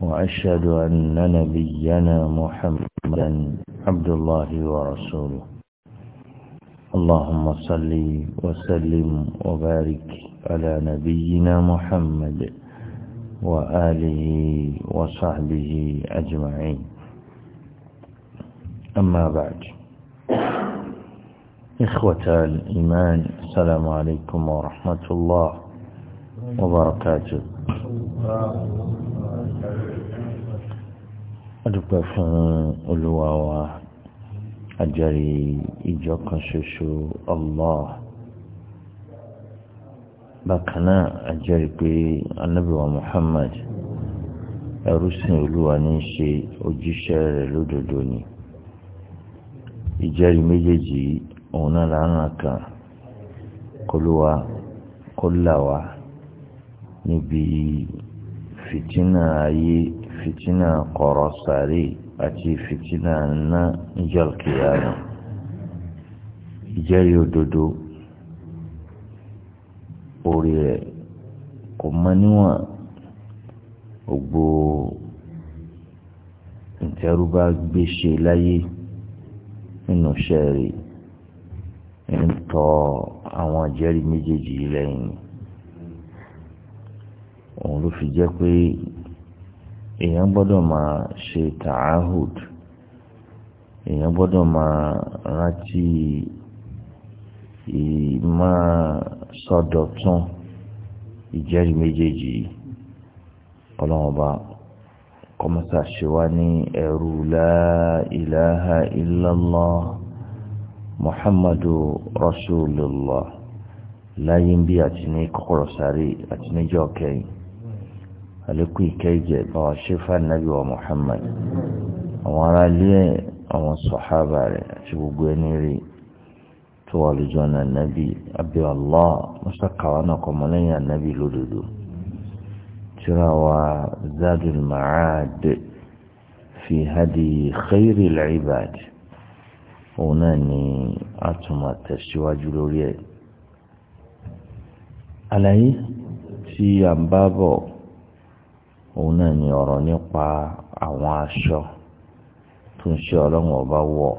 وأشهد أن نبينا محمدا عبد الله ورسوله اللهم صل وسلم وبارك على نبينا محمد وآله وصحبه أجمعين أما بعد إخوة الإيمان السلام عليكم ورحمة الله وبركاته adúpẹ́ fún olúwa wa àjẹrí ìjọ kan ṣoṣo Allah bákan náà àjẹrí pé ànábì Muhammad ẹrú oluwa olúwa ní í ṣe ojúṣe rẹ̀ lódodo ni ìjẹ́rìí méjèèjì òun náà lánà kan kólúwa kólà níbi fìtínà ayé fìtínà kọ̀rọ̀ sàárè àti fìtínà ná ìjọ́kìyàmù ìjẹ́rìí òdodo orí rẹ̀ kò mọ níwọ̀n gbogbo ìtẹ́rúbá gbé ṣe láyé nínú sẹ́ẹ̀rì ń àwọn ìjẹ́rìí méjèèjì yìí òun ló fi jẹ́ pé èèyàn gbọ́dọ̀ máa ṣe ta'ahud èèyàn gbọ́dọ̀ máa rántí ìmáa sọdọ̀tún ìjẹ́rìí méjèèjì ọlọ́run ọba ṣe wá ní ẹ̀rù ilaha muhammadu rasulullah láyé ń bí àti ní kọ́kọ́rọ́ sáré àti níjọ́ kẹyìn. àlékún ìkẹ́ ìjẹ́ bá wa ṣe fún ànábì wa Muhammad àwọn ará ilé ẹ̀ àwọn sọ̀hábà rẹ̀ àti gbogbo ẹni rí tó wà lójú ọ̀nà ànábì abẹ́ Allah mọ́sàkàwá náà kọ́ mọ́lẹ́yìn ànábì lódodo tíra wa Zadul Ma'ad fi hadi khairil ibad òun náà ni a tún máa tẹ̀síwájú lórí ẹ̀ àlàyé tí à ń bá bọ̀ òun náà ni ọ̀rọ̀ nípa àwọn aṣọ tó ń ṣe ọlọ́run ọba wọ̀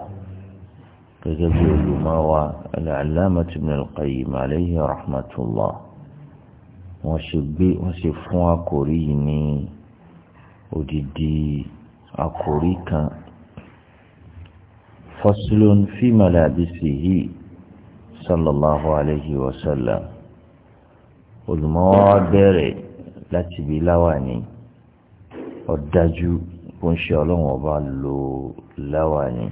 gẹ́gẹ́ bí olùmọ́wá al-allamah ibn al-qayyim alayhi rahmatullah wọ́n ṣe gbé wọ́n ṣe fún àkòrí yìí ní odidi àkòrí kan faslun fi malabisihi sallallahu alayhi wa sallam olùmọ́wá bẹ̀rẹ̀ láti bí láwàní ọ̀dájú bó ń ṣe ọlọ́run ọba lò láwà ni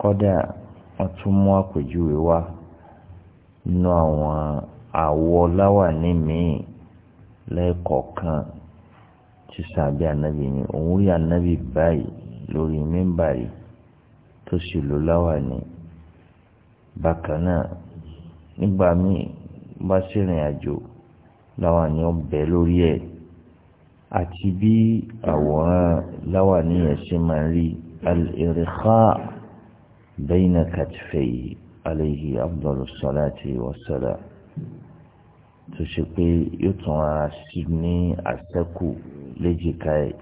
kọ́dà wọ́n tún mú àpèjúwe wá nínú àwọn àwọ̀ láwà ní míì lẹ́ẹ̀kọ̀ọ̀kan tí sàbí ànábì ni òun rí ànábì báyìí lórí mímbàrí tó sì lò láwà ni bákan náà nígbà míì bá sì rìn àjò láwà ni ó bẹ lórí ẹ̀ àti bí àwòrán láwàní yẹn ṣe máa rí al-irikha bayna katfayhi alayhi afdalu salati wassalam tó ṣe pé yóò tún ara sí ní àṣẹ́kù léjìká ẹ̀.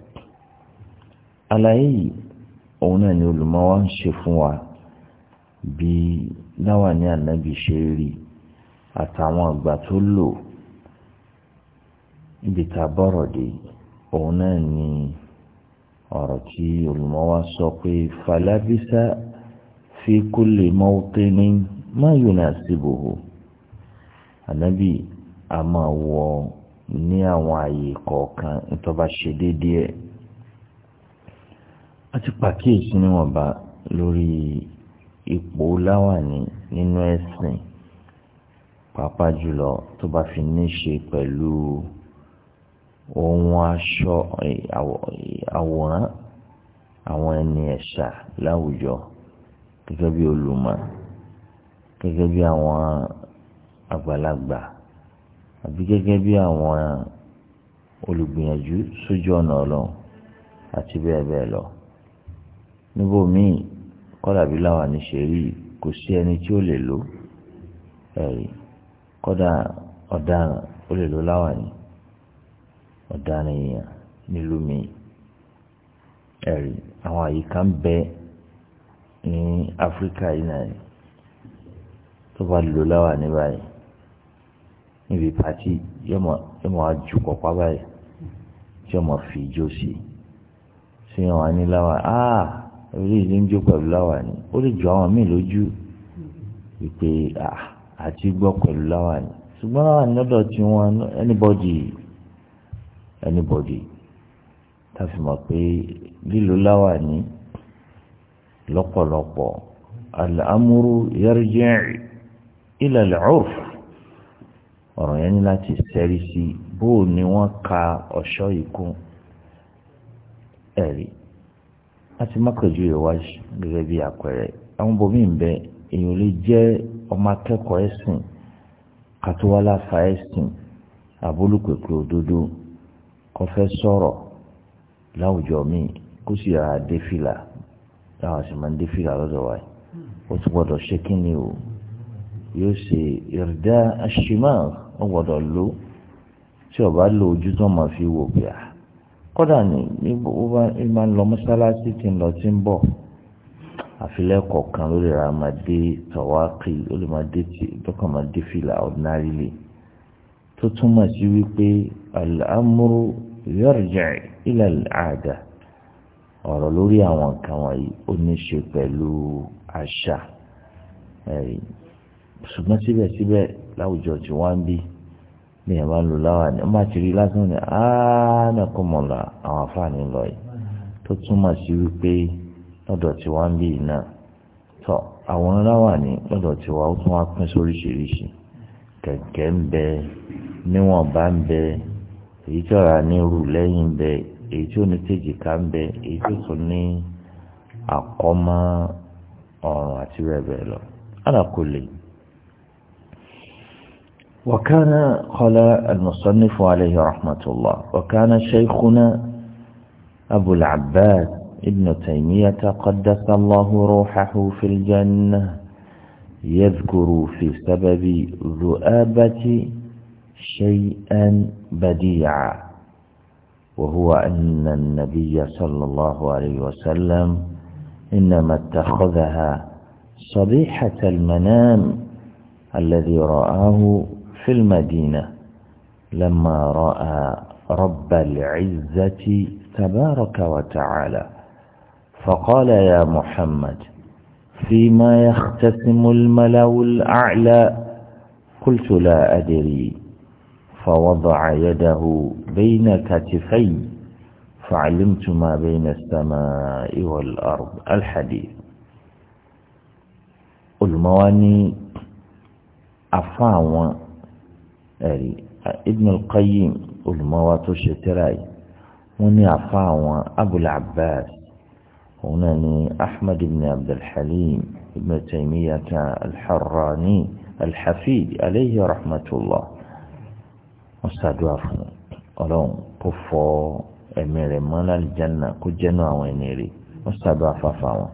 àlàyé yìí òun náà ni olùmọ̀ ń ṣe fún wa bí láwàní ànábì ṣe rí àtàwọn àgbà tó lò níbi tá a bọ̀rọ̀ dé yìí. òun náà ni ọ̀rọ̀ tí olùmọ̀ wa sọ pé falabisa fi kulli mawtinin ma yunasibuhu ànábì a máa wọ ní àwọn àyè kọ̀ọ̀kan ìtọ́ba ṣe déédéé a ti pàkíyèsí níwọ̀nba lórí ipò láwàní nínú ẹ̀sìn pàápàá jùlọ tó bá fi ní ṣe ohun aṣọ àwòrán àwọn ẹni ẹ̀ṣà láwùjọ gẹ́gẹ́ bí olùmọ̀ gẹ́gẹ́ bí àwọn àgbàlagbà àbí gẹ́gẹ́ bí àwọn olùgbìyànjú sójú ọ̀nà ọlọ́run àti bẹ́ẹ̀ bẹ́ẹ̀ lọ. níbo míì kọ́dà bí láwa ní rí kò sí ẹni tí ó lè lò ẹ̀rí kọ́dà ọ̀daràn ó lè lò láwa ni ọ̀daràn èèyàn nílùú mi ẹ̀rí àwọn àyíká ń bẹ ní áfíríkà yìí náà tó bá lò láwà ní báyìí níbi pàtí yóò máa ju kọ̀pá báyìí tí yóò máa fi ijó sí sí yóò wá ní láwà áà orí ìlú ń jó pẹ̀lú láwà ni ó lè jọ àwọn míì lójú wípé àti gbọ́ pẹ̀lú láwà ni ṣùgbọ́n láwà ní lọ́dọ̀ tí wọ́n anybody anybody tàfi mọ̀ pé lílo láwàní lọ́pọ̀lọpọ̀ al-amru yarji' ila al-'urf ọ̀rọ̀ yẹn ní láti sẹ́rí sí bóò ni wọ́n ka ọ̀ṣọ́ ìkún ẹ̀rí láti mọ́kànjú ìwájú gẹ́gẹ́ bí àpẹẹrẹ àwọn bòmí ń bẹ èèyàn lè jẹ́ ọmọ akẹ́kọ̀ọ́ ẹ̀sìn kátówálá fa ẹ̀sìn àbólùpẹ̀pẹ̀ òdodo kò fẹ́ sọ̀rọ̀ láwùjọ míì kó sì yàrá dé fìlà táwọn sì máa ń dé fìlà lọ́dọ̀ wa ó tún gbọ́dọ̀ ṣe kí ni o yóò ṣe ìrìdá aṣèmá ó gbọ́dọ̀ lò tí ọba lo ojú tó máa fi wò bíà ah, kódà ní ó máa ń lọ mọ́sálásí tí ń lọ tí ń bọ̀ àfilẹ́ kọ̀ọ̀kan ló lè ra máa dé tọ̀wáàkì ó lè máa dé tí dọ́kàn máa dé fìlà ordinarily tó túmọ̀ sí wípé al yarji' ila al-'ada ọ̀rọ̀ lórí àwọn nǹkan wọ̀nyí ó ní ṣe pẹ̀lú àṣà ṣùgbọ́n síbẹ̀síbẹ̀ láwùjọ tí wọ́n ń bí ní ẹ̀ máa ń lò láwà ní ọmọ àti rí lásán ní ánàkùnmọ̀lá àwọn afáàní lọ yìí tó túmọ̀ sí wípé lọ́dọ̀ tí wọ́n ń bí náà tọ́ àwọn láwà ní lọ́dọ̀ tí wọ́n tún wá pín sóríṣiríṣi kẹ̀kẹ́ ń bẹ níwọ̀n ń bẹ èyí tí ọ̀rá ní rù lẹ́yìn bẹ èyí tí ò ní tèjìká ń bẹ èyí tí ó tún ní àkọ́mọ́ ọ̀rùn àti bẹ́ẹ̀ bẹ́ẹ̀ lọ. على كل وكان قال المصنف عليه رحمة الله وكان شيخنا أبو العباس ابن تيمية قدس الله روحه في الجنة يذكر في سبب ذؤابة شيئا بديعا وهو أن النبي صلى الله عليه وسلم إنما اتخذها صبيحة المنام الذي رآه في المدينة لما رأى رب العزة تبارك وتعالى فقال يا محمد فيما يختتم الملأ الأعلى قلت لا أدري فوضع يده بين كتفي فعلمت ما بين السماء والأرض الحديث المواني أفاو ابن القيم المواط الشتراي وني أفاو أبو العباس هناني أحمد بن عبد الحليم ابن تيمية الحراني الحفيد عليه رحمة الله wọ́n ṣàdúrà fún ọlọ́run kó fọ ẹ̀mí rẹ̀ mọ́ lálìjáná kó jẹ́nu àwọn ẹni rẹ̀ wọ́n ṣàdúrà fáfá wọn.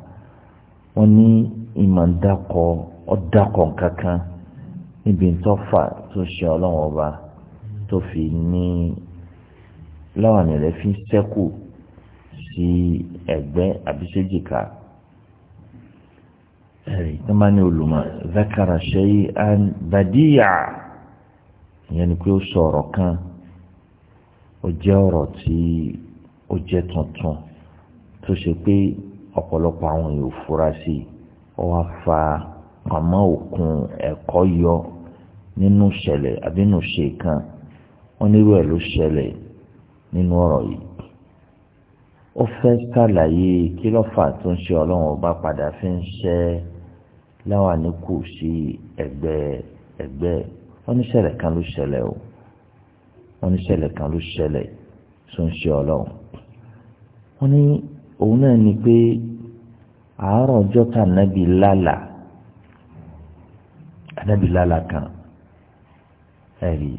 wọ́n ní ìmọ̀ dákọ ọ̀dàkọ̀ kankan níbi tọ́fà tó ṣe ọlọ́run ọba tó fi ní láwọn rẹ̀ fi ṣẹ́kù sí ẹ̀gbẹ́ àbíṣẹ́jìká ẹ̀rí tó máa ní olùmọ̀ zakara ṣe é an ìyẹn ni pé ó sọ ọ̀rọ̀ kan ó jẹ́ ọ̀rọ̀ tí ó jẹ́ tuntun tó ṣe pé ọ̀pọ̀lọpọ̀ àwọn èèyàn fura sí i ó wá fa àmọ́ òkun ẹ̀kọ́ yọ nínú ìṣẹ̀lẹ̀ àbí nínú ṣe kan wọ́n nírú ẹ̀ ló ṣẹlẹ̀ nínú ọ̀rọ̀ yìí ó fẹ́ ṣàlàyé kí lọ́fà tó ń ṣe ọlọ́run ọba padà fi ń ṣẹ́ láwa ní kù sí ẹgbẹ́ ẹgbẹ́ oníṣẹ̀lẹ̀ kan ló ṣẹlẹ̀ o oníṣẹ̀lẹ̀ kan ló ṣẹlẹ̀ tó ń ṣe ọlọ́run wọ́n ní òun náà ni pé àárọ̀ ọjọ́ tá ànábì lálà ànábì lálà kan ẹ̀rí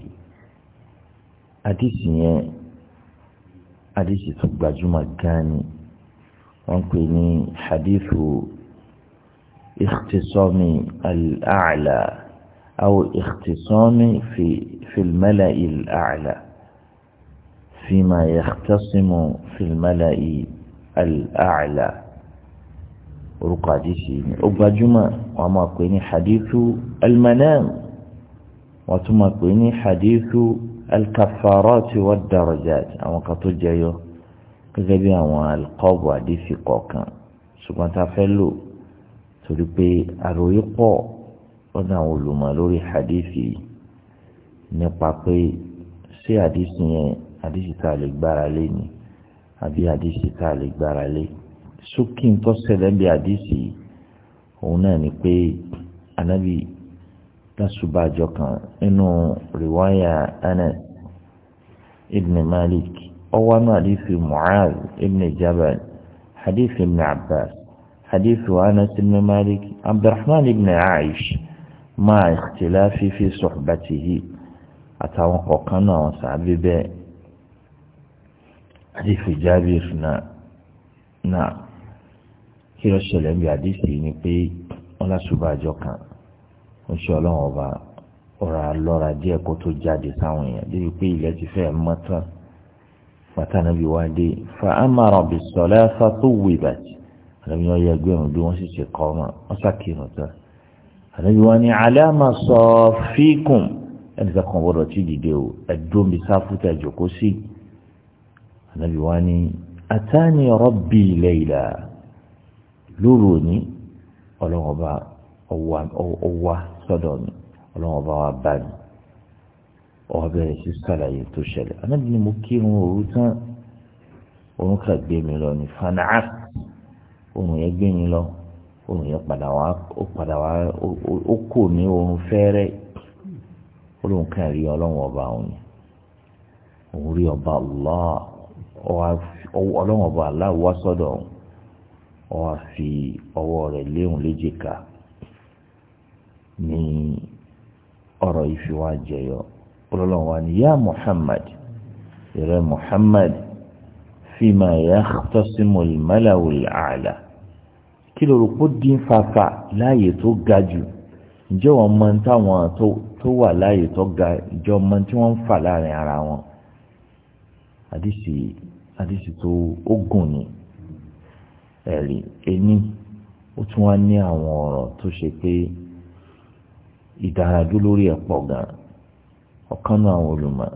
àdìsí yẹn àdìsí tó gbajúmọ̀ gan ni wọ́n pè ní hadithu ikhtisami al-a'la. أو اختصام في في الملأ الأعلى فيما يختصم في الملأ الأعلى orúkọ àdìsí ni ó gbajúmọ̀ wọ́n máa pè ní hadithu almanam wọ́n tún máa pè ní hadithu alkafarati wa darajat àwọn kan tó jẹyọ gẹ́gẹ́ bí àwọn alkọọbù àdìsí kọ̀ọ̀kan ṣùgbọ́n tá a fẹ́ lò torí pé àròyé pọ̀ lọ́dọ̀ àwọn olùmọ̀ lórí hadithi nípa pé ṣé hadithi yẹn hadithi tá a lè gbára lé ni àbí hadithi tá a lè gbára lé sókè tó ṣẹlẹ̀ bí hadithi òun náà ni pé anabi lásùbàjọ kan nínú rìwáyà Anas ibn Malik ọwọ́ náà hadithi Mu'adh ibn Jabal hadithi ibn Abbas hadithi Anas ibn Malik Abdurrahman ibn Aish máa ikhtilafi fi suhbatihi àtàwọn kọ̀ọ̀kan náà àwọn sàábí bẹ́ẹ̀ àdìsí Jabir náà náà kí ló ṣẹlẹ̀ bí àdìsí ni pé wọ́n lásùbà àjọ kan ó ṣe ọlọ́run ọba ọ̀rọ̀ alọ́ra díẹ̀ kó tó jáde sáwọn èèyàn débi pé ilẹ̀ ti fẹ́ mọ́ tán pátá náà bí wá dé fa amara bis salat fatuwibat àlọ́ mi yẹ ẹgbẹ́ bí wọ́n sì ṣe kọ́ ọ́ mọ́ wọ́n sàkíyàn tán àlejò wa ni aláma sọ fíkùn ẹnìkan kan gbọ́dọ̀ tí dìde o ẹdómi sáfùtà jòkó sí àlejò wa ni àtàní rabbi layla lóru òní ọlọ́wọ́ba ọwá sọ́dọ̀ mi ọlọ́wọ́ba wa bá mi ọwọ́ bẹ̀rẹ̀ sí sàlàyé tó ṣẹlẹ̀ anábì ni mo kírun òru tán òun kà gbé mi lọ ní fanaa òun yẹn gbé mi lọ oòrùn yẹn padà wá ó padà wá ó kò ní oorun fẹ́rẹ́ ó lóun kàn rí ọlọ́run ọba òun òun rí ọba Allah ọlọ́run ọba Allah wá sọ́dọ̀ òun ó wá fi ọwọ́ rẹ̀ léhùn léjìká ní ọ̀rọ̀ ìfiwá jẹyọ ọlọ́run wa ni yá Muhammad ìrẹ Muhammad fima yakhtasimu al-mala'u al-a'la kí ló rò pé dín fàfà láàyè tó ga jù ǹjẹ́ wọ́n mọ táwọn tó wà láàyè tó ga ìjọ mọ tí wọ́n ń fà láàrin ara wọn àdìsí àdìsí tó ó gùn ni ẹ̀rí ẹni ó tún wá ní àwọn ọ̀rọ̀ tó ṣe pé ìdáradú lórí ẹ̀ pọ̀ gan ọ̀kan náà àwọn olùmọ̀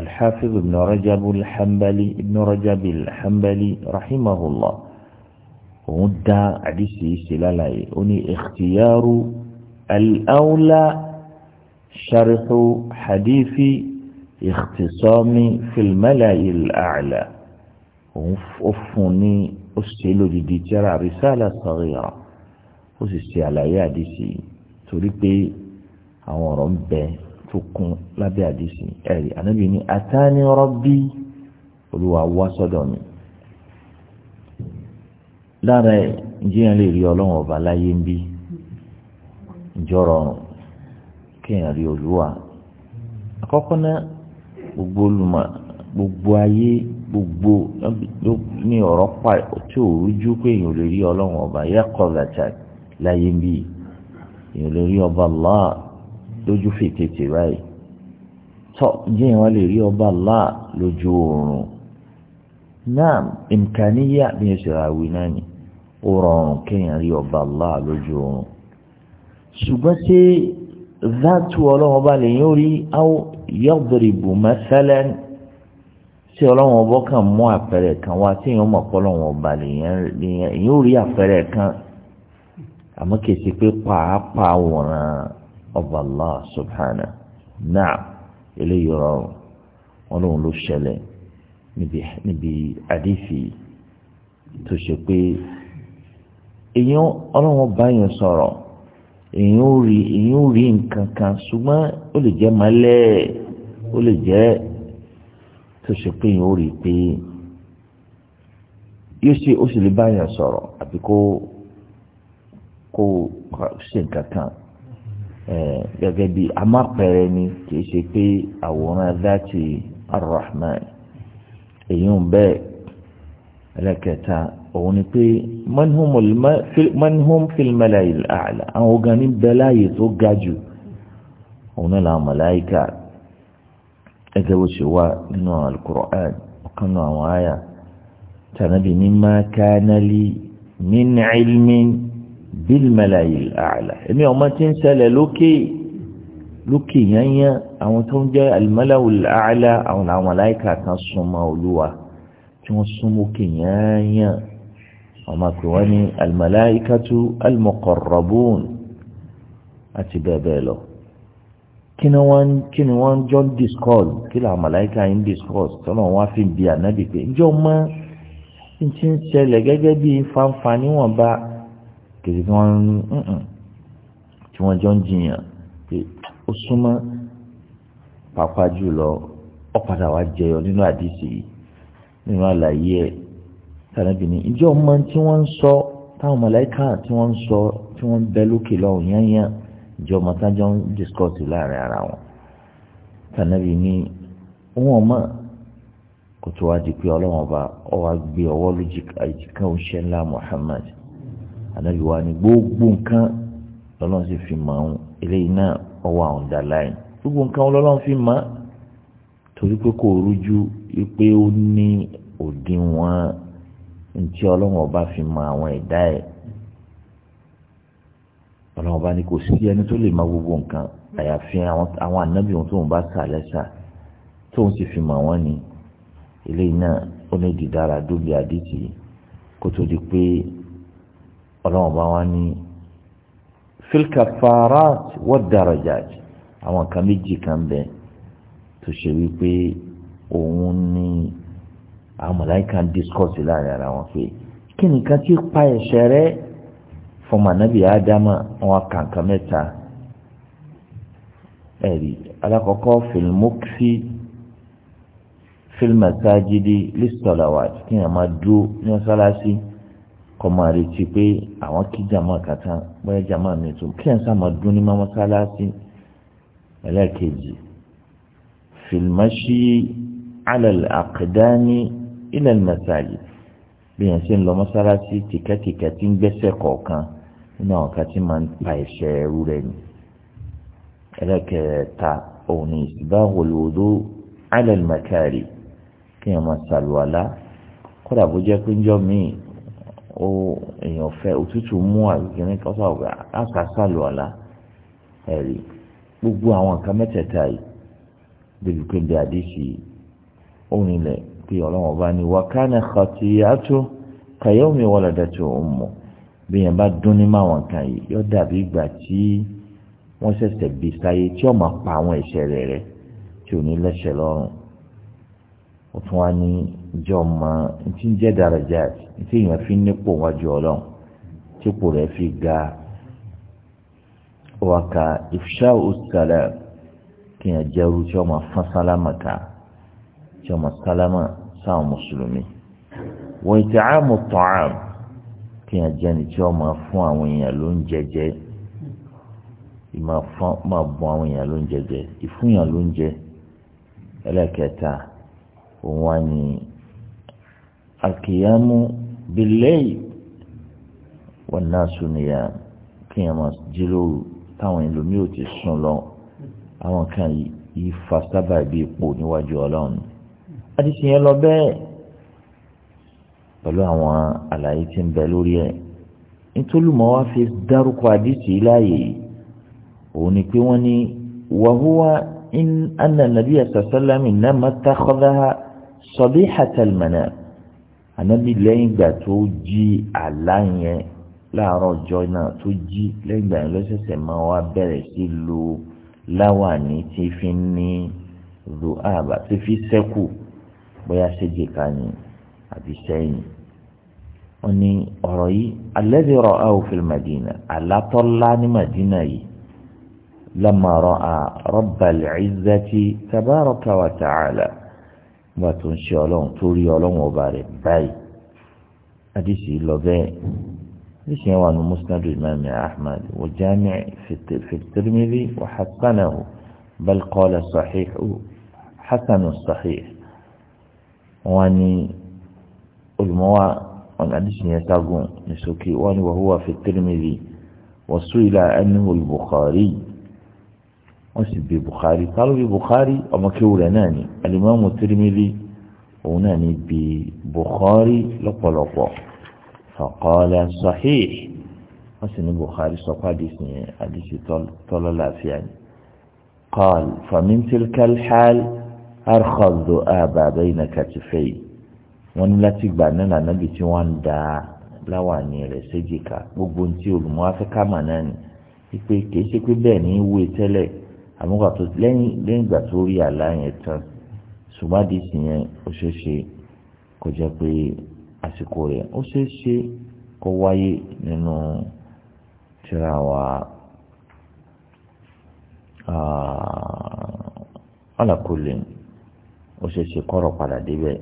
alḥafiz ibn rajab alḥambali ibn rajab alḥambali rahimahullah òun dá àdìsí ṣe lálàyé ó ní ìkhtiyaaru al-awla sharhu hadithi ikhtisami fil mala'i al-a'la òun ó fún ní ó ṣe lódìdí jẹ́ra risala saghira ó sì ṣe àlàyé àdìsí torí pé àwọn ọ̀rọ̀ ń bẹ tó kún lábẹ́ àdìsí ẹ̀rí ànábì ní atani rabbi wá sọ́dọ̀ mi. lára ẹ̀ ǹjẹ́yàn lè rí ọlọ́run ọba láyé ń bí ìjọrọ̀ kéèyàn rí olúwa àkọ́kọ́ náà gbogbo olùmọ̀ gbogbo ayé gbogbo ní ọ̀rọ̀ pa tí ò rújú pé èèyàn lè rí ọlọ́run ọba yẹ́kọ̀ làtà láyé ń bí èèyàn lè rí ọba láà lójú fètètè tọ́ lè rí ọba lójú náà ìmkàníyà bí ẹ ṣe àwì náà ni ó rọrùn kéèyàn rí ọba Allah lójú oorun ṣùgbọ́n ṣé záàtú ọlọ́run ọba lèyìn ó rí áwọ yadribu mathalan ṣé ọlọ́run ọba kan mú àpẹẹrẹ kan wá tí èèyàn mọ̀ pé ọba lèyìn ó rí àpẹẹrẹ kan àmọ́ kìí ṣe pé pàápàá wọ̀ràn ọba Allah subhanahu náà eléyìí rọrùn ọlọ́run ló ṣẹlẹ̀ níbi níbi àdìsí tó ṣe pé èèyàn ọlọ́run bá yẹn sọ̀rọ̀ èèyàn ò rí èèyàn ò rí nǹkan kan ṣùgbọ́n ó lè jẹ́ mọ́lẹ̀ ó lè jẹ́ tó ṣe pé èèyàn ò rí pé yóò ṣe ó sì lè bá yẹn sọ̀rọ̀ àbí kó kó ṣe nǹkan kan gẹ́gẹ́ bí amápẹ̀rẹ̀ ni kì í ṣe pé àwòrán dáàtì Ar-Rahman èyí ń bẹ́ẹ̀ ẹlẹ́kẹta òun ni pé manhum filimẹ́lá yìí àlà àwọn ogan ní bẹ́ẹ̀ láàyè tó ga jù òun náà làwọn màláìka ẹgbẹ́ bó ṣe wá nínú alukur'an ọ̀kan nínú àwọn àyà tànàbí ní máa ká nálí min ilmin èmi ọmọ tí ń ṣẹlẹ̀ lókè lókè yányán àwọn tó ń jẹ́ al-mala'ul a'la àwọn àwọn màláíkà kan súnmọ́ olúwa tí wọ́n súnmọ́ òkè yányán ọmọ pé wọ́n ní al-mala'ikatu al-muqarrabun àti bẹ́ẹ̀ bẹ́ẹ̀ lọ kí ni wọ́n kí ni wọ́n discuss kí ni àwọn màláíkà yìí ń discuss tọ́nà wọn fi bí ànábì pé ǹjọ́ mọ́ ní ti ń ṣẹlẹ̀ gẹ́gẹ́ bí fanfa níwọ̀nba kìrìkì wọn ń tí wọ́n jọ ń jiyàn ó súnmọ́ pàápàá jùlọ ó padà wá jẹyọ nínú àdìsí nínú àlàyé ẹ̀ tàbí ní ìjọ ọmọ tí wọ́n ń sọ táwọn mọ̀lẹ́kà tí wọ́n ń sọ tí wọ́n ń bẹ lókè lọ́hùn yányán ìjọ ọmọ tájọ́ ń discourse láàrin ara wọn tàbí ní òun ọmọ kò tó wá di pé ọlọ́wọ́n ọba ọwá gbé ọwọ́ lójì àìjíká òṣèlá Muhammad ànábìwá ni gbogbo nǹkan lọ́lọ́run sì fi mọ̀ ọ́n eléyìí náà ọwọ́ àwọn ọ̀dà láì gbogbo nǹkan lọ́lọ́run fi mọ̀ torí pé kò rújú pé ó ní òdiwọ̀n ntí ọlọ́run ọba fi mọ̀ àwọn ẹ̀dá ẹ̀ ọlọ́run ọba ni kò sí ẹni tó lè mọ̀ gbogbo nǹkan àyàfi àwọn ànábì ohun tóun bá sà lẹ́sà tóun sì fi mọ̀ wọ́n ni eléyìí náà ó ní dídára dóbi àdìtì kó tó di pé ọlọ́run ọba wa ní fílkà farat wad-darajat àwọn kan méjì kan bẹ tó ṣe wípé òun ni àwọn mọ̀láìkà ń discourse láàrin ara wọn pé kí nìkan ti pa ẹ̀ṣẹ̀ rẹ fún mànábì ádámà wọn kàǹkà mẹ́ta ẹ̀rí alákọ̀ọ́kọ́ fìlmọ́kì fìlmọ́sájídì lẹ́sítọ́làwà kí ni máa dúró ní mọ́sálásí kọ́ máa retí pé àwọn kí jàmá kàtá bóyá jàmá mi tó kí ẹ̀sán máa dún ní mọ́mọ́sálásí ẹlẹ́ẹ̀kejì fìlmáṣí alẹ́ àkàdáni ilẹ̀ mẹ́sàgì bí yẹn ṣe ń lọ mọ́sálásí tìkẹ́tìkẹ́ tí ń gbẹ́sẹ̀ kọ̀ọ̀kan nínú àwọn kan máa ń pa ẹ̀ṣẹ̀ ẹrú rẹ̀ ni ẹlẹ́kẹ̀ẹ́ta òun ni ìsìbáwò lòdó alẹ́ kí yẹn máa ṣàlùwàlá kódà O èèyàn fẹ́ òtútù mú àgbègbè ní kọ́sà ọ̀gá àkàsà lò àlá ẹ̀rí gbogbo àwọn nǹkan mẹ́tẹ̀ẹ̀ta yìí bíbi pé bí àdéhì òun ilẹ̀ pé ọlọ́wọ́n bá ní wákàní khatiyatu kàyọ́mi waladatu ummu bí yẹn bá dún ní máwọn nǹkan yìí yóò dàbí ìgbà tí wọ́n ṣẹ̀ṣẹ̀ bí tí ó pa àwọn ẹ̀ṣẹ̀ rẹ̀ rẹ̀ tí ò ní lẹ́ṣẹ̀ lọ́rùn ó tún wá ní ìjọ ọmọ tí ń jẹ́ dàrájà tí èèyàn fi ń nípò wájú ọlọ́run tí kò rẹ̀ fi ga wàkà ìfṣà òsàlẹ̀ kí èèyàn jẹ́ tí ọmọ fún sálámà ká tí ọmọ sálámà sáwọn mùsùlùmí wọ́n ti àmú tọ́ám kí èèyàn tí ọmọ fún àwọn èèyàn ló ń jẹjẹ ìmọ̀ fún bọ àwọn èèyàn ló ń jẹjẹ ìfúnyàn ló ń jẹ ẹlẹ́kẹta. wọn ni àkìyàmú bìlẹ́yì wọn náà sunìyà kéèyàn máa jíròrò táwọn ẹlòmíì ò ti sùn lọ àwọn kan yìí fa sábà bí ipò níwájú ọlọ́run àdìsí yẹn lọ bẹ́ẹ̀ pẹ̀lú àwọn àlàyé tí ń bẹ lórí ẹ̀ nítorúmọ̀ wá fi dárúkọ àdìsí láàyè òun ni pé wọ́n ní wàhúwá in anna nabiya sallallahu alaihi wasallam innama takhadhaha sadihatal manam ànábì lẹ́yìn ìgbà tó jí àlá yẹn láàárọ̀ ọjọ́ náà tó jí lẹ́yìn ìgbà yẹn lọ́sẹ̀sẹ̀ máa wá bẹ̀rẹ̀ sí lo láwàní tí fi ń ní zuhaba tí fi sẹ́kù bóyá séje ká ní àbí sẹ́yìn wọ́n ní ọ̀rọ̀ yìí alladhi ra'ahu fil madina alátọ́lá ní madina yìí lamma ra'a rabbal izzati tabaraka wa ta'ala nígbà tó ń ṣe ọlọ́run tó rí ọlọ́run ọba rẹ̀ báyìí àdìsí lọ bẹ́ẹ̀ àdìsí yẹn wà ní musnad imam ahmad wa jami fi tirmidhi wa hasanahu bal qala sahihu hasanu sahih wọn ni olùmọ́wá wọn àdìsí yẹn ságun ní wọn ni wa huwa fi tirmidhi wa su'ila anhu al wọ́n sì bí Bukhari kálọ́ bí Bukhari ọmọ kéwù rẹ̀ náà ni alimami tirimili òun náà ni bí Bukhari lọ́pọ̀lọpọ̀ faqala sahih wọ́n sì ní Bukhari sọ́kọ́ àdìsí yẹn àdìsí tọ́lọ́ láàfíà ni qal famin tilka alhal arkhad aba bayna katifay wọ́n ní láti gbà náà nàbì tí wọ́n ń da láwàní rẹ̀ séjìká gbogbo ntí olùmọ́ afẹ́kámà náà ni wípé kìí ṣe pé bẹ́ẹ̀ ní í wé tẹ́lẹ̀ àmúgbà tó lẹ́yìn lẹ́yìn ìgbà tó rí àlá yẹn tán ṣùgbọ́n àdìsí yẹn ó ṣeé ṣe kó jẹ́ pé àsìkò rẹ̀ ó ṣeé ṣe kó wáyé nínú tírà wa ọ̀làkùnlé ó ṣeé ṣe kọ́rọ̀ padà débẹ̀.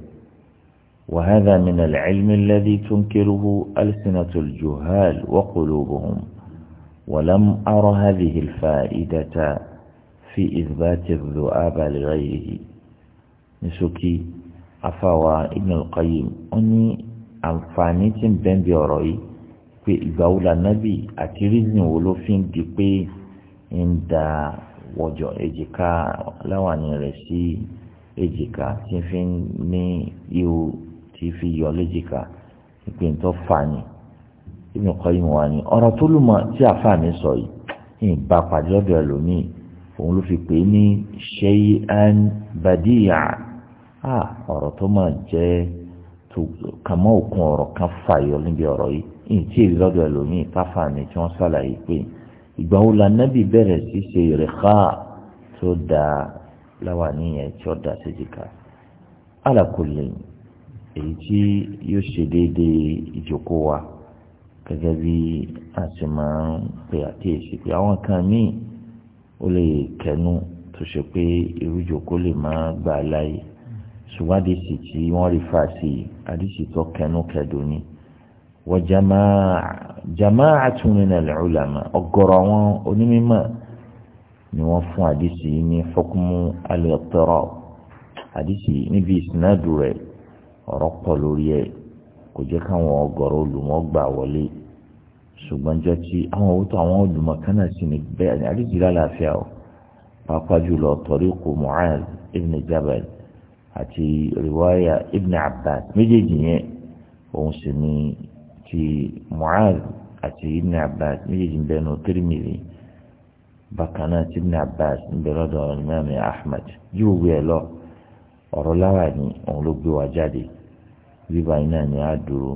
وهذا من العلم الذي تنكره ألسنة الجهال وقلوبهم ولم أر هذه الفائدة fi ìsbàtì dhu'aba li ghayrihi ní ṣókí afáwa Ibn al-Qayyim ó ní àǹfààní tí ń bẹ́ńbẹ́ ọ̀rọ̀ yìí pé ìgbà wo la nábì àti rízìn wo ló fi ń di pé ń da wọ̀jọ̀ èjìká láwàní rẹ̀ sí èjìká tí fi ń ní ihò tí fi yọ léjìká ìpèntọ́ fani Ibn al-Qayyim wà ní ọ̀rọ̀ tó lùmọ̀ tí àfààní sọ yìí ìbá pàdé ọ̀dọ̀ ẹlòmíì òun ló fi pè é ní shay'an badi'a a ọ̀rọ̀ tó máa jẹ́ kàmọ́ òkun ọ̀rọ̀ kan fàyọ níbi ọ̀rọ̀ yìí ìtì èyí lọ́dọ̀ ẹlòmíì káfà ni tí wọ́n ṣàlàyé pé ìgbà wo la nábì bẹ̀rẹ̀ sí ṣe ìrẹ̀ká tó da láwàní yẹn tí ó da séjìká alákòlè èyí tí yóò ṣe déédéé ìjókòó wa gẹ́gẹ́ bí a ti máa ń pè àkíyèsí pé àwọn kan míì ó lè kẹnu tó ṣe pé irú ìjókòó lè má gbà láàyè ṣùgbọ́n àdìsí tí wọ́n rí fà sí àdìsí tó kẹnu kẹdùn ni wọ́n jama'atun min al-ulama ọ̀gọ̀rọ̀ àwọn onímọ̀ ni wọ́n fún àdìsí ní hukmu al àdìsí níbi ìsìnàdù rẹ̀ ọ̀rọ̀ pọ̀ lórí ẹ̀ kò jẹ́ káwọn ọ̀gọ̀rọ̀ olùmọ̀ gbà wọlé ṣùgbọ́n jọ tí àwọn owó tó àwọn olùmọ̀kánná sí ni bẹ́ẹ̀ ni àríjìlá làáfíà o pàápàá jùlọ tọ́ríkù Mu'adh ibn Jabal àti riwaya ibn Abbas méjèèjì yẹn òun sì ni ti Mu'adh àti ibn Abbas méjèèjì ń bẹ nù Tirmidhi bákan náà ti ibn Abbas ń bẹ lọ́dọ̀ ìmáàmì Ahmad yóò gbé ẹ lọ ọ̀rọ̀ láwà ni òun ló gbé wa jáde bíbá iná ni a dúró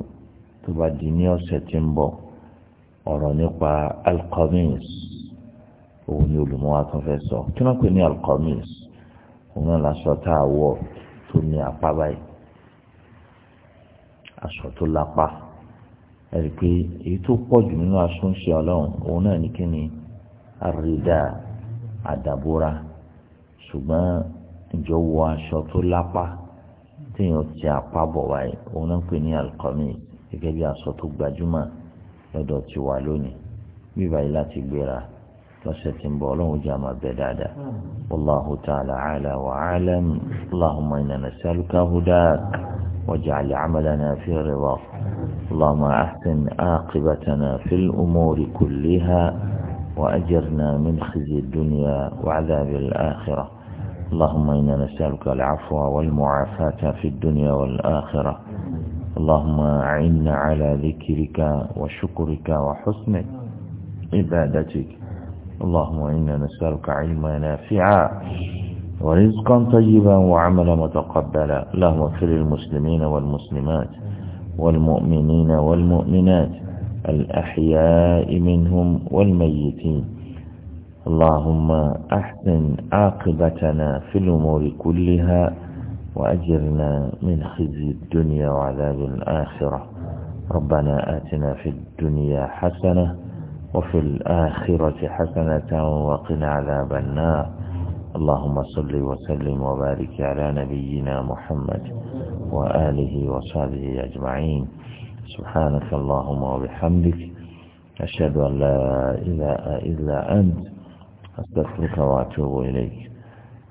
tó bá di ní ọ̀sẹ̀ tí ń bọ̀ ọ̀rọ̀ nípa alqamis òun ni olùmọ́wá tó fẹ́ sọ kí wọ́n pè ní alqamis òun náà láṣọ tá a wọ̀ tó ní apá báyìí aṣọ tó lápá ẹ̀rí pé èyí tó pọ̀ jù nínú aṣọ ń ṣe ọlọ́run òun náà ní kí ni àrídà àdàbòrà ṣùgbọ́n ìjọ wọ aṣọ tó lápá téèyàn ti apá bọ̀ wáyé òun náà pè ní alqamis gẹ́gẹ́ bí aṣọ tó gbajúmọ̀ lọ́dọ̀ ti wà lónìí bí báyìí láti gbéra lọ́sẹ̀ tí ń bọ̀ ọlọ́run jẹ́ àmà bẹ́ẹ̀ dáadáa wallahu ta'ala ala wa alam wàláhu ma allahumma inna nas'aluka hudak waj'al 'amalana fi wàláhu ridak allahumma ahsin aqibatana fil umuri kulliha وأجرنا من خزي الدنيا وعذاب الآخرة اللهم إنا نسألك العفو والمعافاة في الدنيا والآخرة اللهم أعنا على ذكرك وشكرك وحسن عبادتك اللهم إنا نسألك علما نافعا ورزقا طيبا وعملا متقبلا اللهم اغفر للمسلمين والمسلمات والمؤمنين والمؤمنات الأحياء منهم والميتين اللهم أحسن عاقبتنا في الأمور كلها وأجرنا من خزي الدنيا وعذاب الآخرة ربنا آتنا في الدنيا حسنة وفي الآخرة حسنة وقنا عذاب النار اللهم صل وسلم وبارك على نبينا محمد وآله وصحبه أجمعين سبحانك اللهم وبحمدك أشهد أن لا إله إلا أنت أستغفرك وأتوب إليك